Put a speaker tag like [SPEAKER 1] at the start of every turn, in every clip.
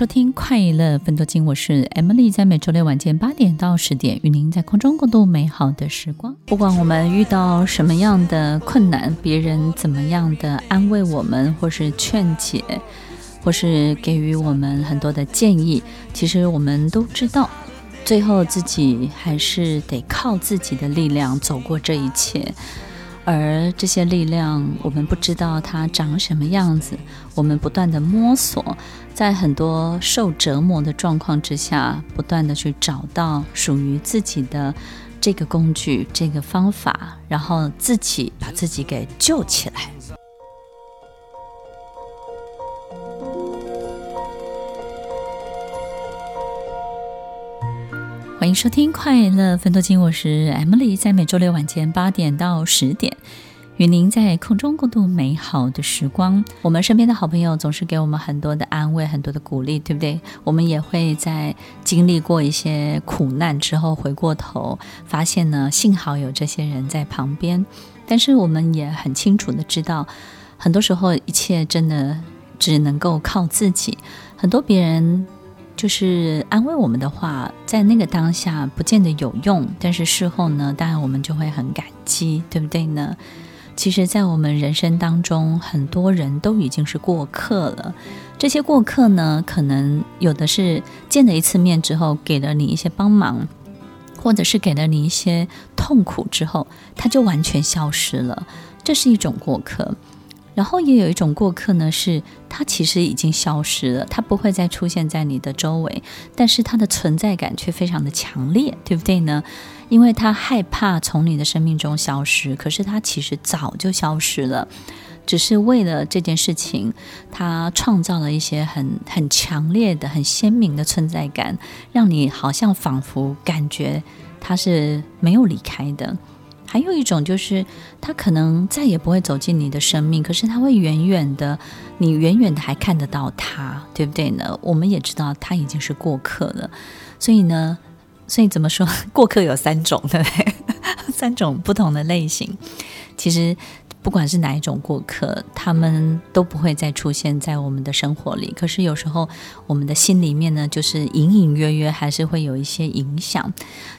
[SPEAKER 1] 收聽快樂芬多精，我是 Emily，在每週六晚間八點到十點，與您在空中共度美好的時光。不管我們遇到什麼樣的困難，別人怎麼樣的安慰我們，或是勸解，或是給予我們很多的建議，其實我們都知道，最後自己還是得靠自己的力量走過這一切。而這些力量，我們不知道它長什麼樣子，我們不斷的摸索，在很多受折磨的狀況之下，不斷的去找到屬於自己的這個工具、這個方法，然後自己把自己給救起來。歡迎收聽《快樂芬多精》，我是 Emily，在每週六晚間八點到十點，與您在空中共度美好的時光。我們身邊的好朋友總是給我們很多的安慰，很多的鼓勵，對不對？我們也會在經歷過一些苦難之後，回過頭發現呢，幸好有這些人在旁邊。但是我們也很清楚的知道，很多時候一切真的只能夠靠自己。很多別人。就是安慰我們的話，在那個當下不見得有用，但是事後呢，當然我們就會很感激，對不對呢？其實，在我們人生當中，很多人都已經是過客了。這些過客呢，可能有的是見了一次面之後，給了你一些幫忙，或者是給了你一些痛苦之後，他就完全消失了。這是一種過客。然後也有一種過客呢，是他其實已經消失了，他不會再出現在你的周圍，但是他的存在感卻非常的強烈，對不對呢？因為他害怕從你的生命中消失，可是他其實早就消失了，只是為了這件事情，他創造了一些很很強烈的、很鮮明的存在感，讓你好像仿佛感覺他是沒有離開的。還有一種就是，他可能再也不會走進你的生命，可是他會遠遠的，你遠遠的還看得到他，對不對呢？我們也知道他已經是過客了，所以呢，所以怎麼說，過客有三種的，三種不同的類型。其實不管是哪一種過客，他們都不會再出現在我們的生活裡。可是有時候我們的心裡面呢，就是隱隱約約還是會有一些影響，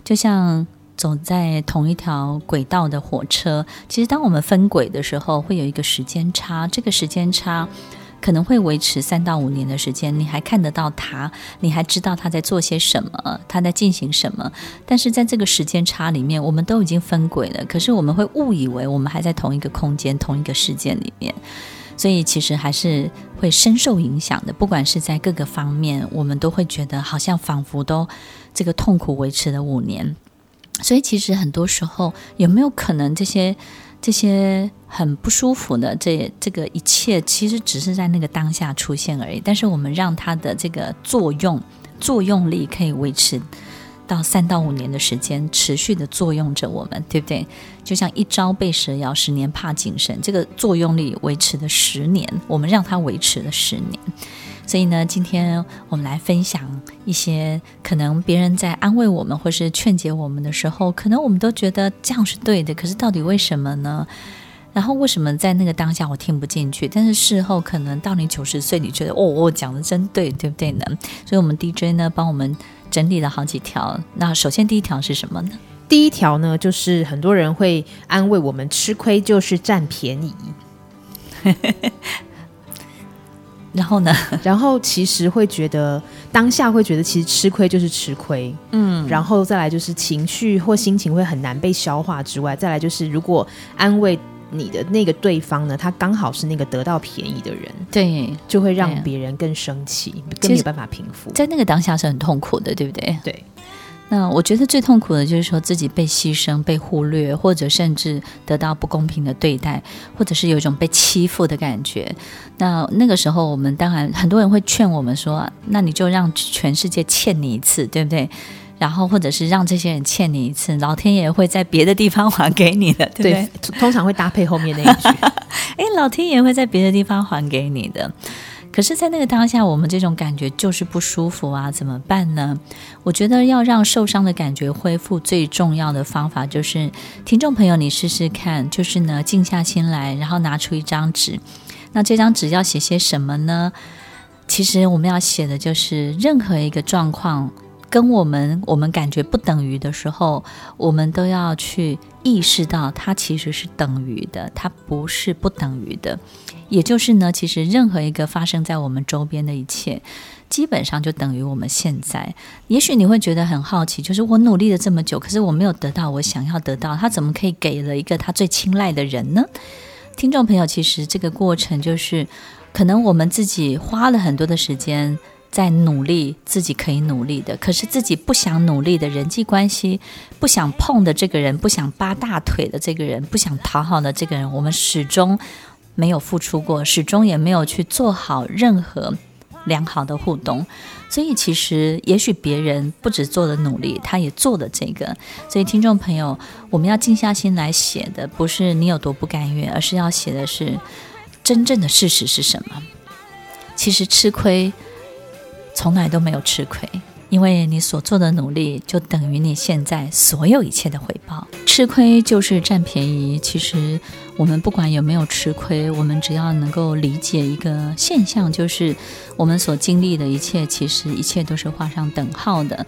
[SPEAKER 1] 就像。走在同一條軌道的火車，其實當我們分軌的時候，會有一個時間差。這個時間差可能會維持三到五年的時間，你還看得到他，你還知道他在做些什麼，他在進行什麼。但是在這個時間差裡面，我們都已經分軌了。可是我們會誤以為我們還在同一個空間、同一個世界裡面，所以其實還是會深受影響的。不管是在各個方面，我們都會覺得好像仿佛都這個痛苦維持了五年。所以，其實很多時候有沒有可能，這些這些很不舒服的這這個一切，其實只是在那個當下出現而已。但是，我們讓它的這個作用作用力可以維持到三到五年的時間，持續的作用着我們，對不對？就像一朝被蛇咬，十年怕井繩，這個作用力維持了十年，我們讓它維持了十年。所以呢，今天我們來分享一些可能別人在安慰我們或是勸解我們的時候，可能我們都覺得這樣是對的。可是到底為什麼呢？然後為什麼在那個當下我聽不進去？但是事後可能到你九十歲，你覺得哦，我、哦、講的真對，對不對呢？所以，我們 DJ 呢幫我們整理了好幾條。那首先第一條是什麼呢？第一條呢，就是很多人
[SPEAKER 2] 會安慰我們，吃虧就是占便宜。 然後呢？然後其實會覺得當下會覺得其實吃虧就是吃虧，嗯，然後再來就是情緒或心情會很難被消化之外，再來就是如果安慰你的那個對方呢，他剛好是那個得到便宜的人，
[SPEAKER 1] 對，就會讓別人更生氣，啊、更沒有辦法平復，在那個當下是很痛苦的，對不對？對。那我覺得最痛苦的就是說自己被犧牲、被忽略，或者甚至得到不公平的對待，或者是有一種被欺負的感覺。那那個時候，我們當然很多人會勸我們說：“那你就讓全世界欠你一次，對不對？”然後，或者是讓這些人欠你一次，老天爺會在別的地方還給你的，對不對？對。通常會搭配後面那一句：“ 誒，老天爺會在別的地方還給你的。”可是，在那個當下，我們這種感覺就是不舒服啊，怎麼辦呢？我覺得要讓受傷的感覺恢復，最重要的方法就是，聽眾朋友，你試試看，就是呢，靜下心來，然後拿出一張紙。那這張紙要寫些什麼呢？其實我們要寫的就是任何一個狀況。跟我們，我們感覺不等於的時候，我們都要去意識到，它其實是等於的，它不是不等於的。也就是呢，其實任何一個發生在我們周邊的一切，基本上就等於我們現在。也許你會覺得很好奇，就是我努力了這麼久，可是我沒有得到我想要得到，他怎麼可以給了一個他最青睞的人呢？聽眾朋友，其實這個過程就是，可能我們自己花了很多的時間。在努力自己可以努力的，可是自己不想努力的人際關係，不想碰的這個人，不想扒大腿的這個人，不想討好的這個人，我們始終沒有付出過，始終也沒有去做好任何良好的互動。所以，其實也許別人不止做了努力，他也做了這個。所以，聽眾朋友，我們要靜下心來寫的，不是你有多不甘願，而是要寫的是真正的事實是什麼。其實吃虧。從來都沒有吃虧，因為你所做的努力就等於你現在所有一切的回報。吃虧就是占便宜。其實，我們不管有沒有吃虧，我們只要能夠理解一個現象，就是我們所經歷的一切，其實一切都是畫上等號的。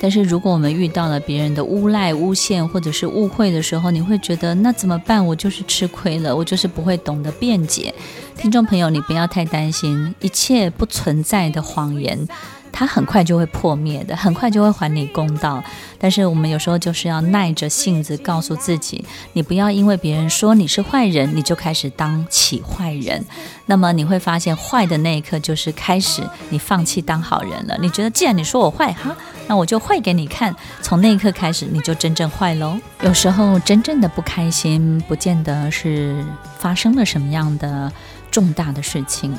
[SPEAKER 1] 但是如果我們遇到了別人的誣賴、誣陷或者是誤會的時候，你會覺得那怎麼辦？我就是吃虧了，我就是不會懂得辯解。聽眾朋友，你不要太擔心，一切不存在的謊言，它很快就會破滅的，很快就會還你公道。但是我們有時候就是要耐着性子告訴自己，你不要因為別人說你是壞人，你就開始當起壞人。那麼你會發現，壞的那一刻就是開始你放棄當好人了。你覺得既然你說我壞，哈、啊？那我就壞給你看，從那一刻開始，你就真正壞嘍。有時候真正的不開心，不見得是發生了什麼樣的重大的事情。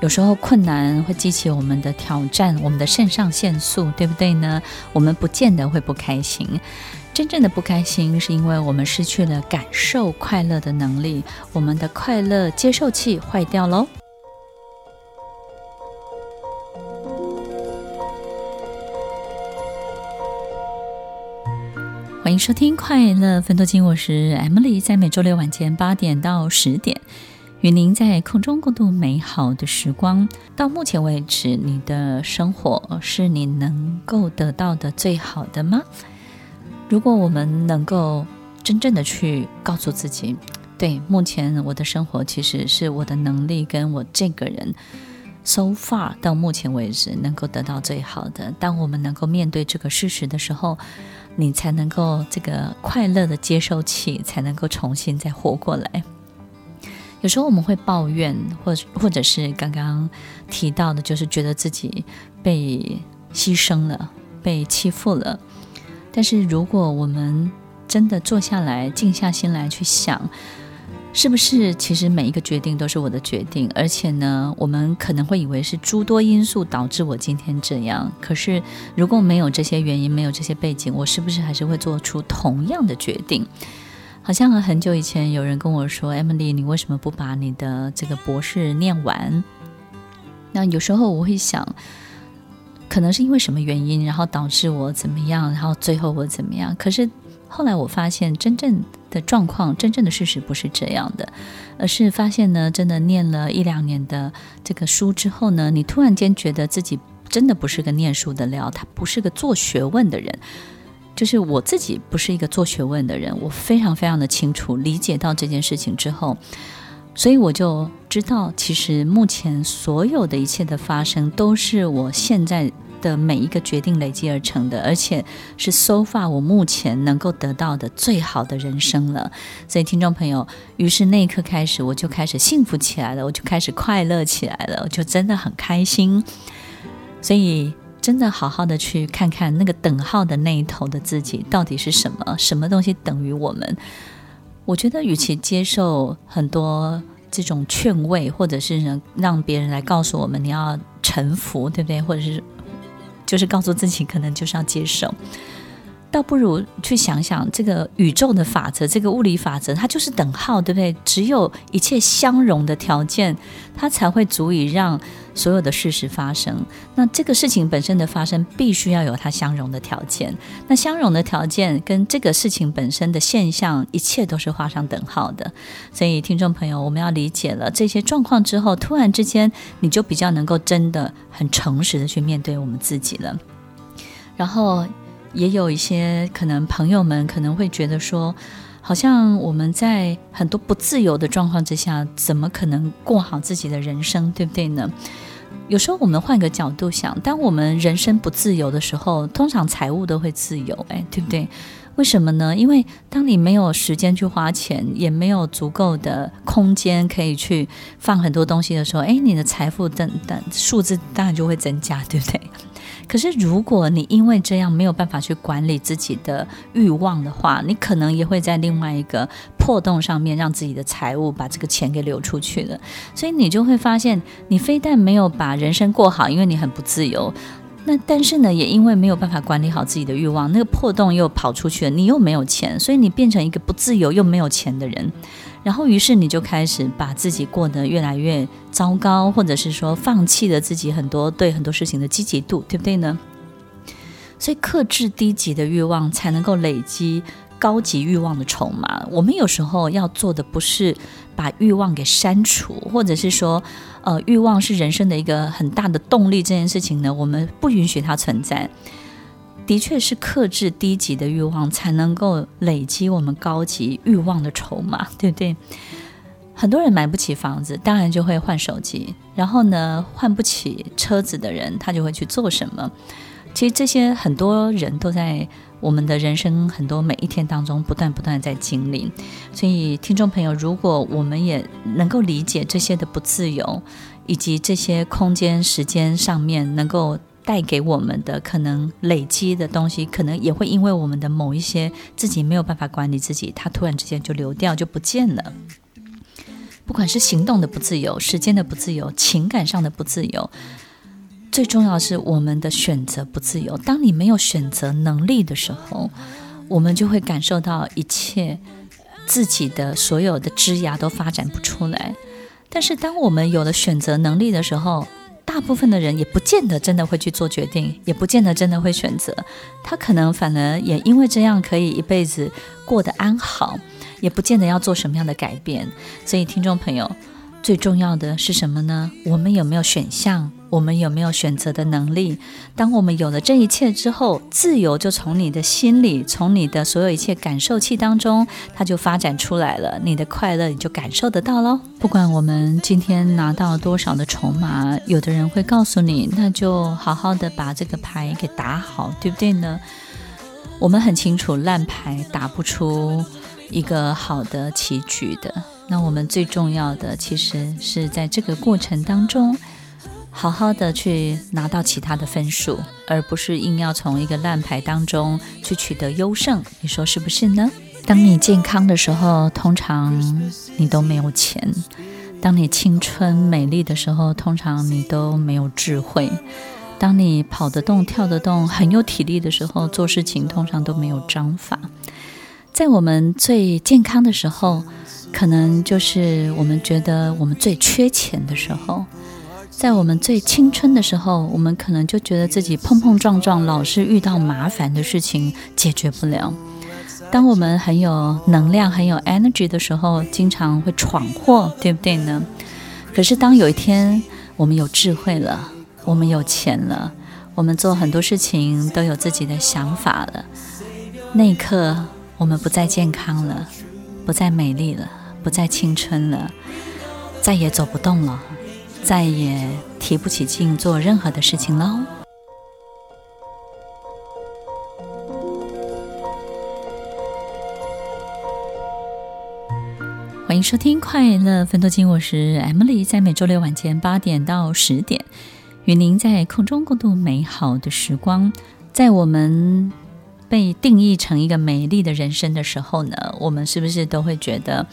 [SPEAKER 1] 有時候困難會激起我們的挑戰，我們的腎上腺素，對不對呢？我們不見得會不開心。真正的不開心，是因為我們失去了感受快樂的能力，我們的快樂接受器壞掉嘍。歡迎收聽《快樂芬多精》，我是 Emily，在每週六晚間八點到十點，與您在空中共度美好的時光。到目前為止，你的生活是你能夠得到的最好的嗎？如果我們能夠真正的去告訴自己，對，目前我的生活其實是我的能力跟我這個人，so far 到目前為止能夠得到最好的。當我們能夠面對這個事實的時候。你才能夠這個快樂的接受器，才能夠重新再活過來。有時候我們會抱怨，或者或者是剛剛提到的，就是覺得自己被犧牲了、被欺負了。但是如果我們真的坐下來，靜下心來去想。是不是？其實每一個決定都是我的決定，而且呢，我們可能會以為是諸多因素導致我今天這樣。可是，如果沒有這些原因，沒有這些背景，我是不是還是會做出同樣的決定？好像很久以前有人跟我說：“Emily，你為什麼不把你的這個博士念完？”那有時候我會想，可能是因為什麼原因，然後導致我怎麼樣，然後最後我怎麼樣，可是。後來我發現，真正的狀況、真正的事實不是這樣的，而是發現呢，真的念了一兩年的這個書之後呢，你突然間覺得自己真的不是個念書的料，他不是個做學問的人。就是我自己不是一個做學問的人，我非常非常的清楚理解到這件事情之後，所以我就知道，其實目前所有的一切的發生，都是我現在。的每一個決定累積而成的，而且是 so far 我目前能夠得到的最好的人生了。所以，聽眾朋友，於是那一刻開始，我就開始幸福起來了，我就開始快樂起來了，我就真的很開心。所以，真的好好的去看看那個等號的那一頭的自己到底是什麼，什麼東西等於我們？我覺得，與其接受很多這種勸慰，或者是能讓別人來告訴我們你要臣服，對不對？或者是就是告訴自己，可能就是要接受。倒不如去想想這個宇宙的法則，這個物理法則，它就是等號，對不對？只有一切相容的條件，它才會足以讓所有的事實發生。那這個事情本身的發生，必須要有它相容的條件。那相容的條件跟這個事情本身的現象，一切都是畫上等號的。所以，聽眾朋友，我們要理解了這些狀況之後，突然之間，你就比較能夠真的很誠實的去面對我們自己了。然後……也有一些可能，朋友們可能會覺得說，好像我們在很多不自由的狀況之下，怎麼可能過好自己的人生，對不對呢？有時候我們換個角度想，當我們人生不自由的時候，通常財務都會自由，哎，對不對？嗯為什麼呢？因為當你沒有時間去花錢，也沒有足夠的空間可以去放很多東西的時候，誒，你的財富等等數字當然就會增加，對不對？可是如果你因為這樣沒有辦法去管理自己的欲望的話，你可能也會在另外一個破洞上面讓自己的財務把這個錢給流出去了。所以你就會發現，你非但沒有把人生過好，因為你很不自由。那但是呢，也因為沒有辦法管理好自己的慾望，那個破洞又跑出去了。你又沒有錢，所以你變成一個不自由又沒有錢的人。然後於是你就開始把自己過得越來越糟糕，或者是說放棄了自己很多對很多事情的積極度，對不對呢？所以克制低級的慾望，才能夠累積高級慾望的籌碼。我們有時候要做的不是把慾望給刪除，或者是說。呃，慾望是人生的一個很大的動力，這件事情呢，我們不允許它存在。的確是克制低級的慾望，才能夠累積我們高級慾望的籌碼，對不對？很多人買不起房子，當然就會換手機。然後呢，換不起車子的人，他就會去做什麼？其實這些很多人都在。我們的人生很多每一天當中，不斷不斷在經歷。所以，聽眾朋友，如果我們也能夠理解這些的不自由，以及這些空間、時間上面能夠帶給我們的可能累積的東西，可能也會因為我們的某一些自己沒有辦法管理自己，它突然之間就流掉，就不見了。不管是行動的不自由、時間的不自由、情感上的不自由，最重要的是我們的選擇不自由。當你沒有選擇能力的時候，我們就會感受到一切自己的所有的枝芽都發展不出來。但是，當我們有了選擇能力的時候，大部分的人也不見得真的會去做決定，也不見得真的會選擇。他可能反而也因為這樣可以一輩子過得安好，也不見得要做什麼樣的改變。所以，聽眾朋友，最重要的是什麼呢？我們有沒有選項？我們有沒有選擇的能力？當我們有了這一切之後，自由就從你的心裡，從你的所有一切感受器當中，它就發展出來了。你的快樂你就感受得到嘍。不管我們今天拿到多少的籌碼，有的人會告訴你，那就好好的把這個牌給打好，對不對呢？我們很清楚，爛牌打不出一個好的棋局的。那我們最重要的，其實是在這個過程當中。好好的去拿到其他的分數，而不是硬要從一個爛牌當中去取得優勝。你說是不是呢？當你健康的時候，通常你都沒有錢；當你青春美麗的時候，通常你都沒有智慧；當你跑得動、跳得動、很有體力的時候，做事情通常都沒有章法。在我們最健康的時候，可能就是我們覺得我們最缺錢的時候。在我們最青春的時候，我們可能就覺得自己碰碰撞撞，老是遇到麻煩的事情，解決不了。當我們很有能量、很有 energy 的時候，經常會闖禍，對不對呢？可是當有一天我們有智慧了，我們有錢了，我們做很多事情都有自己的想法了，那一刻我們不再健康了，不再美麗了，不再青春了，再也走不動了。再也提不起勁做任何的事情嘍。歡迎收聽《快樂芬多精》，我是 Emily，在每周六晚間八點到十點，與您在空中共度美好的時光。在我們被定義成一個美麗的人生的時候呢，我們是不是都會覺得？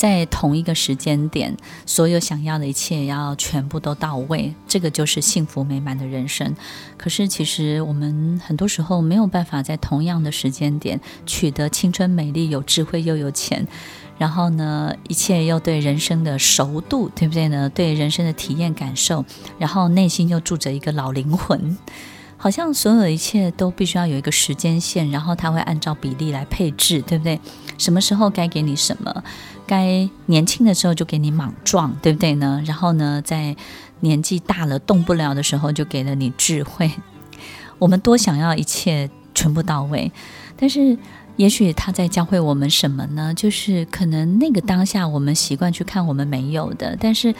[SPEAKER 1] 在同一個時間點，所有想要的一切要全部都到位，這個就是幸福美滿的人生。可是，其實我們很多時候沒有辦法在同樣的時間點取得青春、美麗、有智慧又有錢，然後呢，一切又對人生的熟度，對不對呢？對人生的體驗感受，然後內心又住着一個老靈魂。好像所有一切都必須要有一個時間線，然後他會按照比例來配置，對不對？什麼時候該給你什麼？該年輕的時候就給你莽撞，對不對呢？然後呢，在年紀大了動不了的時候，就給了你智慧。我們多想要一切全部到位，但是也許他在教會我們什麼呢？就是可能那個當下，我們習慣去看我們沒有的，但是。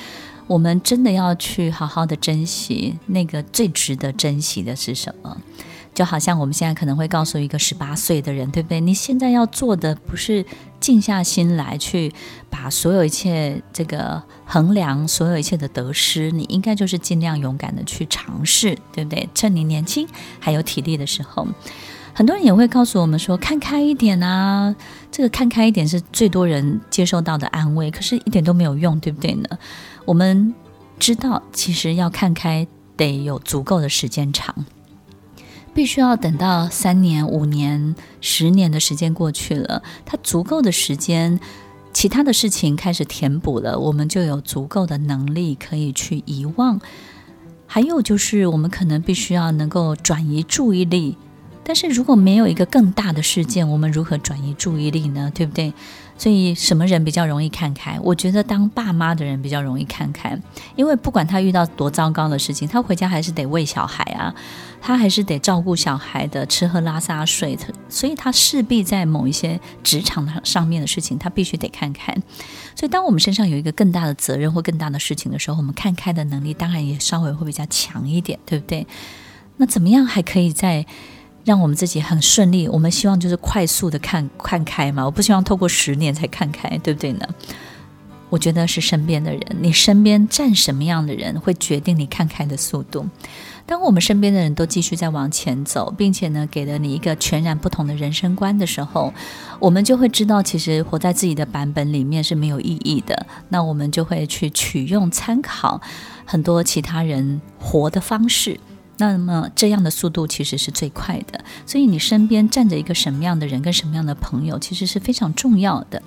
[SPEAKER 1] 我們真的要去好好的珍惜那個最值得珍惜的是什麼？就好像我們現在可能會告訴一個十八歲的人，對不對？你現在要做的不是靜下心來去把所有一切這個衡量所有一切的得失，你應該就是盡量勇敢的去嘗試，對不對？趁你年輕還有體力的時候，很多人也會告訴我們說：“看開一點啊！”這個看開一點是最多人接受到的安慰，可是一點都沒有用，對不對呢？我們知道，其實要看開，得有足夠的時間長，必須要等到三年、五年、十年的時間過去了，它足夠的時間，其他的事情開始填補了，我們就有足夠的能力可以去遺忘。還有就是，我們可能必須要能夠轉移注意力，但是如果沒有一個更大的事件，我們如何轉移注意力呢？對不對？所以，什麼人比較容易看開？我覺得當爸媽的人比較容易看開，因為不管他遇到多糟糕的事情，他回家還是得餵小孩啊，他還是得照顧小孩的吃喝拉撒睡，所以他勢必在某一些職場上面的事情，他必須得看開。所以，當我們身上有一個更大的責任或更大的事情的時候，我們看開的能力當然也稍微會比較強一點，對不對？那怎麼樣還可以在？讓我們自己很順利。我們希望就是快速的看看開嘛，我不希望透過十年才看開，對不對呢？我覺得是身邊的人，你身邊站什麼樣的人會決定你看開的速度。當我們身邊的人都繼續在往前走，並且呢給了你一個全然不同的人生觀的時候，我們就會知道其實活在自己的版本裡面是沒有意義的。那我們就會去取用參考很多其他人活的方式。那麼這樣的速度其實是最快的，所以你身邊站着一個什麼樣的人，跟什麼樣的朋友，其實是非常重要的。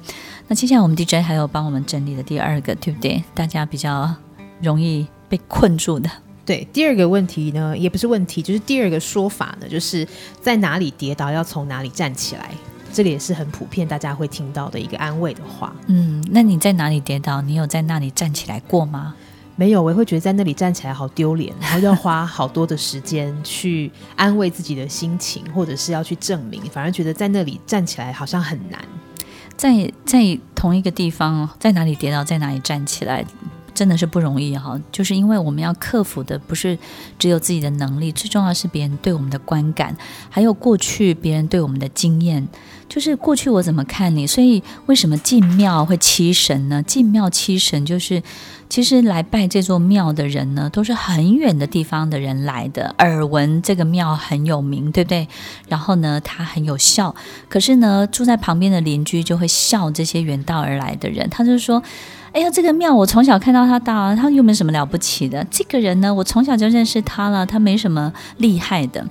[SPEAKER 1] 那接下來我們 DJ 還有幫我們整理的第二個，對不對？大家比較容易被困住的。對，第二個問題呢，也不是問題，就是第二個說法呢，就是
[SPEAKER 2] 在哪裡跌倒，要從哪裡站起來，這裡也是很普遍大家會聽到的一個安慰的話。嗯，那你在哪裡跌倒？你有在那裡站起來過嗎？沒有，我會覺得在那裡站起來好丟臉，然後要花好多的時間去安慰自己的心
[SPEAKER 1] 情， 或者是要去證明。反而覺得在那裡站起來好像很難，在在同一個地方，在哪裡跌倒，在哪裡站起來。真的是不容易哈，啊，就是因為我們要克服的不是只有自己的能力，最重要是別人對我們的觀感，還有過去別人對我們的經驗，就是過去我怎麼看你，所以為什麼進廟會七神呢？進廟七神就是，其實來拜這座廟的人呢，都是很遠的地方的人來的，耳聞這個廟很有名，對不對？然後呢，他很有效，可是呢，住在旁邊的鄰居就會笑這些遠道而來的人，他就說。哎呀，這個廟我從小看到他大，他又沒有什麼了不起的。這個人呢，我從小就認識他了，他沒什麼厲害的。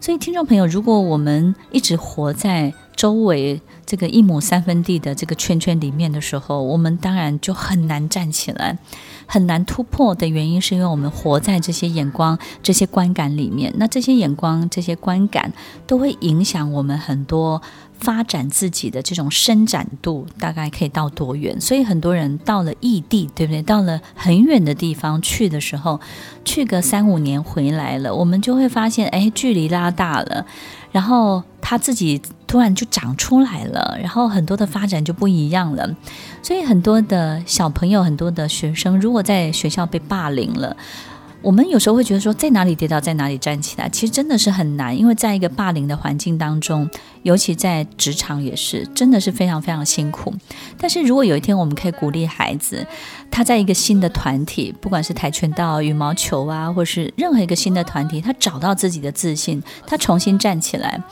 [SPEAKER 1] 所以，聽眾朋友，如果我們一直活在周圍這個一畝三分地的這個圈圈裡面的時候，我們當然就很難站起來，很難突破的原因是因為我們活在這些眼光、這些觀感裡面，那這些眼光、這些觀感都會影響我們很多。發展自己的這種伸展度大概可以到多遠？所以很多人到了異地，對不對？到了很遠的地方去的時候，去個三五年回來了，我們就會發現，誒、哎，距離拉大了，然後他自己突然就長出來了，然後很多的發展就不一樣了。所以很多的小朋友，很多的學生，如果在學校被霸凌了，我們有時候會覺得說，在哪裡跌倒，在哪裡站起來，其實真的是很難，因為在一個霸凌的環境當中，尤其在職場也是，真的是非常非常辛苦。但是如果有一天我們可以鼓勵孩子，他在一個新的團體，不管是跆拳道、羽毛球啊，或是任何一個新的團體，他找到自己的自信，他重新站起來。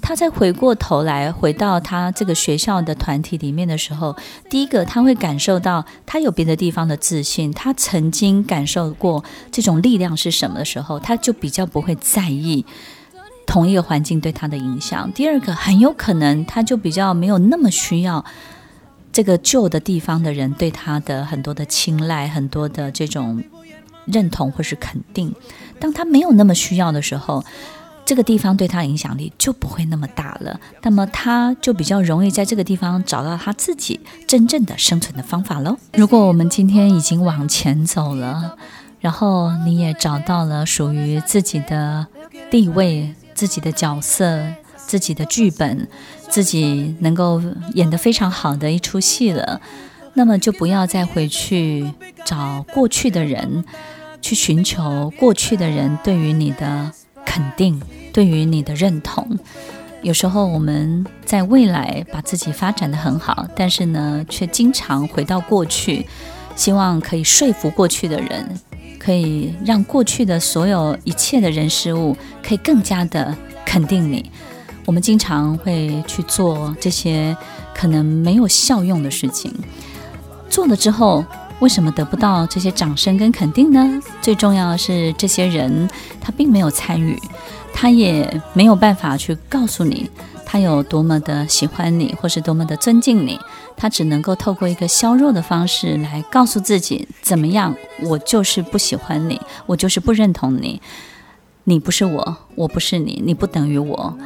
[SPEAKER 1] 他再回過頭來回到他這個學校的團體裡面的時候，第一個他會感受到他有別的地方的自信，他曾經感受過這種力量是什麼的時候，他就比較不會在意同一個環境對他的影響。第二個，很有可能他就比較沒有那麼需要這個舊的地方的人對他的很多的青睞、很多的這種認同或是肯定。當他沒有那麼需要的時候，這個地方對他影響力就不會那麼大了，那麼他就比較容易在這個地方找到他自己真正的生存的方法嘍。如果我們今天已經往前走了，然後你也找到了屬於自己的地位、自己的角色、自己的劇本，自己能夠演得非常好的一出戲了，那麼就不要再回去找過去的人，去尋求過去的人對於你的肯定，對於你的認同，有時候我們在未來把自己發展得很好，但是呢，卻經常回到過去，希望可以說服過去的人，可以讓過去的所有一切的人事物可以更加的肯定你。我們經常會去做這些可能沒有效用的事情，做了之後。為什麼得不到這些掌聲跟肯定呢？最重要的是，這些人他並沒有參與，他也沒有辦法去告訴你他有多麼的喜歡你，或是多麼的尊敬你。他只能夠透過一個削弱的方式來告訴自己：怎麼樣，我就是不喜歡你，我就是不認同你。你不是我，我不是你，你不等於我。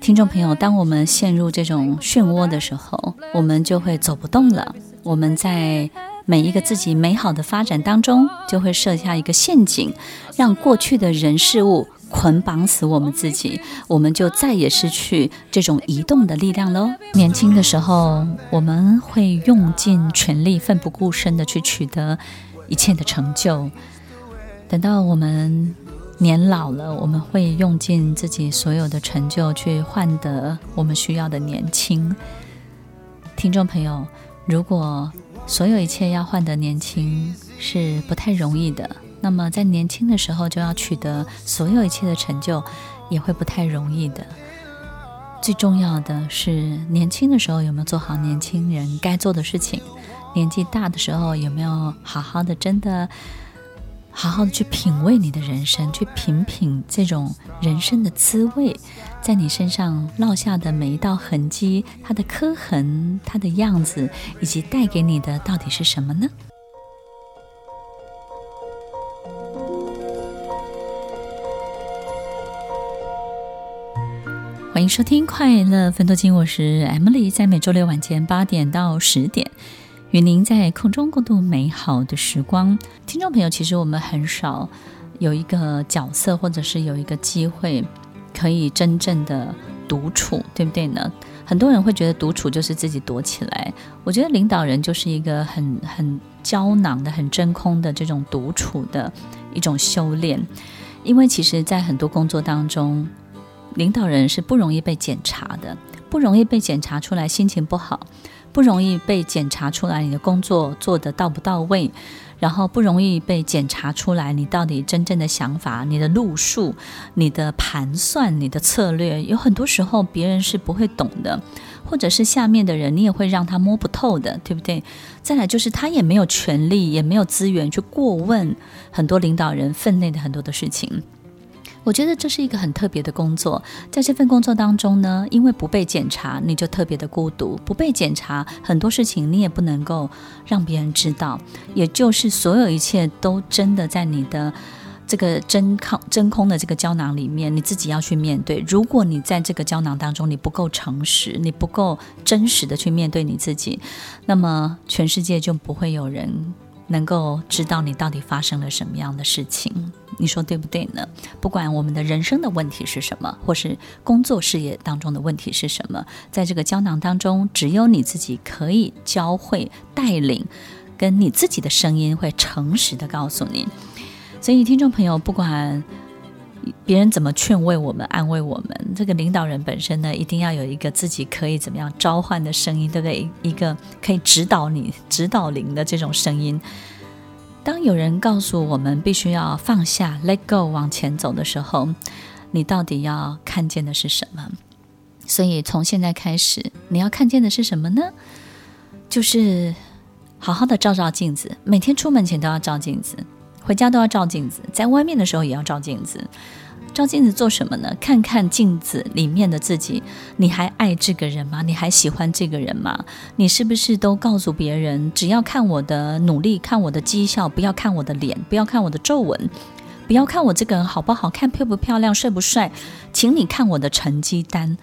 [SPEAKER 1] 聽眾朋友，當我們陷入這種漩渦的時候，我們就會走不動了。我們在。每一個自己美好的發展當中，就會設下一個陷阱，讓過去的人事物捆綁死我們自己，我們就再也失去這種移動的力量囉。年輕的時候，我們會用盡全力、奮不顧身的去取得一切的成就；等到我們年老了，我們會用盡自己所有的成就去換得我們需要的年輕。聽眾朋友，如果。所有一切要換得年輕是不太容易的，那麼在年輕的時候就要取得所有一切的成就，也會不太容易的。最重要的是，年輕的時候有沒有做好年輕人該做的事情？年紀大的時候有沒有好好的，真的好好的去品味你的人生，去品品這種人生的滋味。在你身上落下的每一道痕跡，它的刻痕，它的樣子，以及帶給你的到底是什麼呢？歡迎收聽《快樂芬多精》，我是 Emily，在每週六晚間八點到十點，與您在空中共度美好的時光。聽眾朋友，其實我們很少有一個角色，或者是有一個機會，可以真正的獨處，對不對呢？很多人會覺得獨處就是自己躲起來。我覺得領導人就是一個很很膠囊的、很真空的這種獨處的一種修煉。因為其實，在很多工作當中，領導人是不容易被檢查的，不容易被檢查出來心情不好，不容易被檢查出來你的工作做得到不到位。然後不容易被檢查出來，你到底真正的想法、你的路數、你的盤算、你的策略，有很多時候別人是不會懂的，或者是下面的人你也會讓他摸不透的，對不對？再來就是他也沒有權力，也沒有資源去過問很多領導人分內的很多的事情。我覺得這是一個很特別的工作，在這份工作當中呢，因為不被檢查，你就特別的孤獨；不被檢查，很多事情你也不能夠讓別人知道。也就是所有一切都真的在你的這個真空真空的這個膠囊裡面，你自己要去面對。如果你在這個膠囊當中你不夠誠實，你不夠真實的去面對你自己，那麼全世界就不會有人。能夠知道你到底發生了什麼樣的事情，你說對不對呢？不管我們的人生的問題是什麼，或是工作事業當中的問題是什麼，在這個膠囊當中，只有你自己可以教會、帶領，跟你自己的聲音會誠實的告訴你。所以，聽眾朋友，不管。別人怎麼勸慰我們、安慰我們？這個領導人本身呢，一定要有一個自己可以怎麼樣召喚的聲音，對不對？一個可以指導你、指導靈的這種聲音。當有人告訴我們必須要放下、let go、往前走的時候，你到底要看見的是什麼？所以從現在開始，你要看見的是什麼呢？就是好好的照照鏡子，每天出門前都要照鏡子。回家都要照鏡子，在外面的時候也要照鏡子。照鏡子做什麼呢？看看鏡子裡面的自己，你還愛這個人嗎？你還喜歡這個人嗎？你是不是都告訴別人，只要看我的努力，看我的績效，不要看我的臉，不要看我的皺紋，不要看我這個人好不好看，漂不漂亮，帥不帥？請你看我的成績單。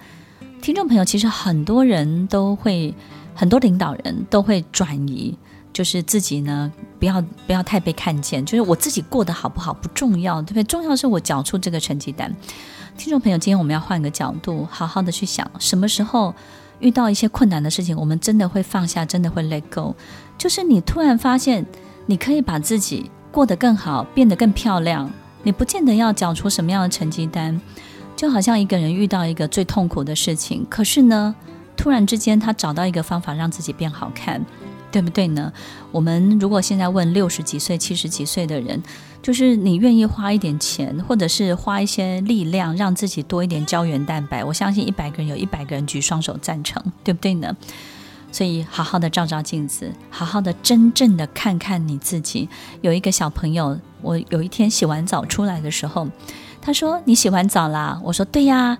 [SPEAKER 1] 聽眾朋友，其實很多人都會，很多領導人都會轉移。就是自己呢，不要不要太被看見。就是我自己過得好不好不重要，對不對？重要的是我交出這個成績單。聽眾朋友，今天我們要換個角度，好好的去想，什麼時候遇到一些困難的事情，我們真的會放下，真的會 let go。就是你突然發現，你可以把自己過得更好，變得更漂亮，你不見得要繳出什麼樣的成績單。就好像一個人遇到一個最痛苦的事情，可是呢，突然之間他找到一個方法讓自己變好看。對不對呢？我們如果現在問六十幾歲、七十幾歲的人，就是你願意花一點錢，或者是花一些力量，讓自己多一點膠原蛋白，我相信一百個人有一百個人舉雙手贊成，對不對呢？所以好好的照照鏡子，好好的真正的看看你自己。有一個小朋友，我有一天洗完澡出來的時候，他說：“你洗完澡啦？”我說：“對呀。”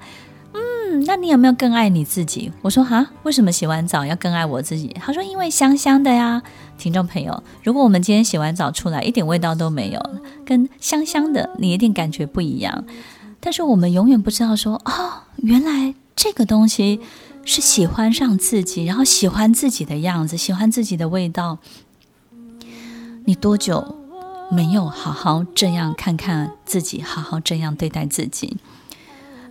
[SPEAKER 1] 嗯，那你有沒有更愛你自己？我說哈，為什麼洗完澡要更愛我自己？他說，因為香香的呀。聽眾朋友，如果我們今天洗完澡出來一點味道都沒有，跟香香的你一定感覺不一樣。但是我們永遠不知道說哦，原來這個東西是喜歡上自己，然後喜歡自己的樣子，喜歡自己的味道。你多久沒有好好這樣看看自己，好好這樣對待自己？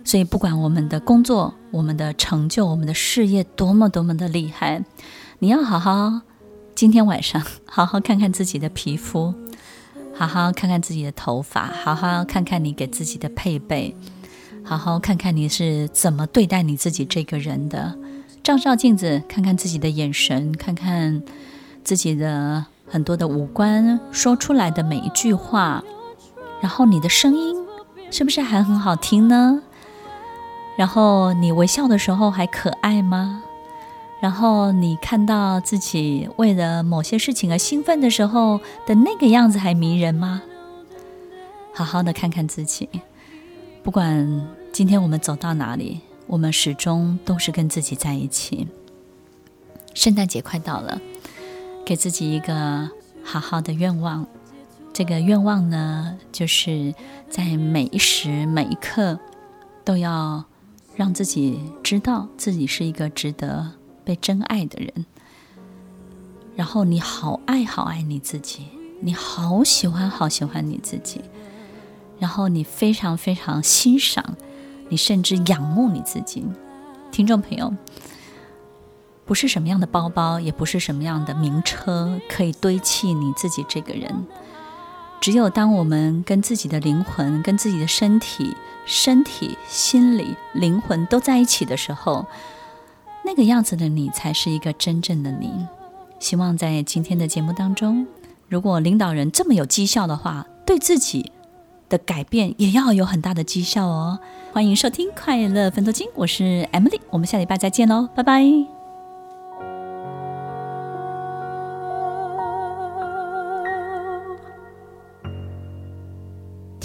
[SPEAKER 1] 所以，不管我們的工作、我們的成就、我們的事業多麼多麼的厲害，你要好好今天晚上好好看看自己的皮膚，好好看看自己的頭髮，好好看看你給自己的配備，好好看看你是怎麼對待你自己這個人的。照照鏡子，看看自己的眼神，看看自己的很多的五官，說出來的每一句話，然後你的聲音是不是還很好聽呢？然後你微笑的時候還可愛嗎？然後你看到自己為了某些事情而興奮的時候的那個樣子還迷人嗎？好好的看看自己，不管今天我們走到哪裡，我們始終都是跟自己在一起。聖誕節快到了，給自己一個好好的願望，這個願望呢，就是在每一時、每一刻都要。讓自己知道自己是一個值得被真愛的人，然後你好愛好愛你自己，你好喜歡好喜歡你自己，然後你非常非常欣賞，你甚至仰慕你自己。聽眾朋友，不是什麼樣的包包，也不是什麼樣的名車可以堆砌你自己這個人，只有當我們跟自己的靈魂，跟自己的身體。身體、心理、靈魂都在一起的時候，那個樣子的你才是一個真正的你。希望在今天的節目當中，如果領導人這麼有績效的話，對自己的改變也要有很大的績效哦。歡迎收聽《快樂芬多精》，我是 Emily，我們下禮拜再見嘍，拜拜。